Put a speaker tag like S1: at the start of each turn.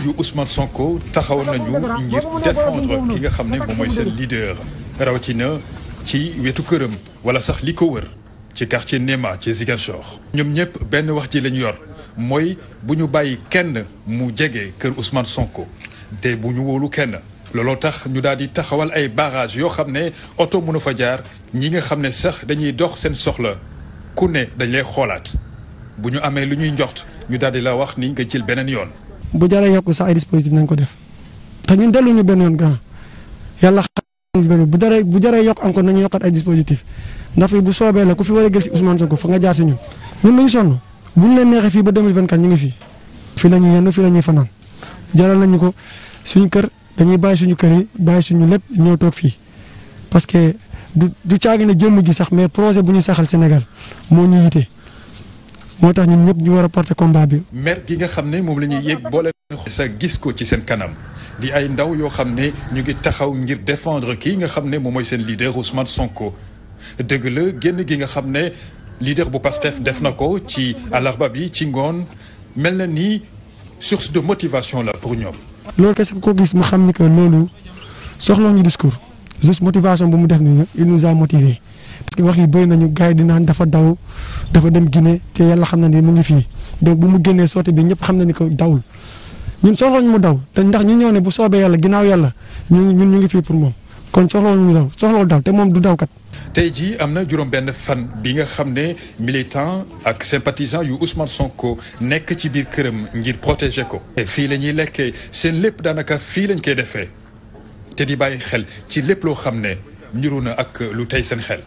S1: yu Ousmane Sonko taxaw nañu ngir défendre ki nga xam ne moom mooy seen leader rawatina ci wetu këram wala sax li ko wër ci quartier Néma ci Ziguinchor. ñoom ñëpp benn wax ji lañ yor mooy bu ñu bàyyi kenn mu jege kër Ousmane Sonko te bu ñu wóolu kenn. looloo tax ñu daal di taxawal ay barrage yoo xam ne oto mënu fa jaar ñi nga xam ne sax dañuy dox seen soxla ku ne dañ lay xoolaat bu ñu amee lu ñuy njort ñu daal di la wax ni nga jël beneen yoon.
S2: bu jaree yokk sax ay dispositif nañ ko def te ñun delluñu benn yoon grand yàlla xam bu jaree bu jaree yokk encore nañu yokkaat ay dispositif ndax fii bu soobee la ku fi war a gël si Ousmane Sonko fa nga jaar si ñun ñun duñu sonn bu ñu leen neexee fii ba 2024 ñu ngi fii fii la ñuy yenn fii la ñuy fanaan jaral nañu ko suñu kër dañuy bàyyi suñu kër yi bàyyi suñu lépp ñëw toog fii parce que du du caagi ne jëmm gi sax mais projet bu ñu saxal Sénégal moo ñu yite moo tax ñun ñëpp ñu war a combat bi.
S1: mer gi nga xam ne moom la ñuy yéeg boole sa gis ko ci seen kanam di ay ndaw yoo xam ne ñu ngi taxaw ngir défendre kii nga xam ne moom mooy seen leader Ousmane Sonko dëgg la génn gi nga xam ne leader bu Pastef def na ko ci àllarba bi ci ngoon mel na ni source de motivation la pour ñoom.
S2: loolu kese ko gis mu xam ni que loolu soxla ñu discours juste motivation bu mu def nii il nous a motivé. wax yi bëri nañu gars yi di naan dafa daw dafa dem Guinée te yàlla xam na ni mu ngi fii donc bu mu génnee sortie bi ñëpp xam na ni ko dawul ñun soxlawuñ mu daw te ndax ñu ñëw ne bu soobee yàlla ginnaaw yàlla ñun ñun ñu ngi fii pour moom kon soxlawuñ mu daw soxlawul daw te moom du dawkat.
S1: tey jii am na juróom benn fan bi nga xam ne militant ak sympathisant yu Ousmane Sonko nekk ci biir këram ngir protéger ko. fii la ñuy lekkee seen lépp daanaka fii lañ koy defee te di bàyyi xel ci lépp loo xam ne niru na ak lu tey seen xel.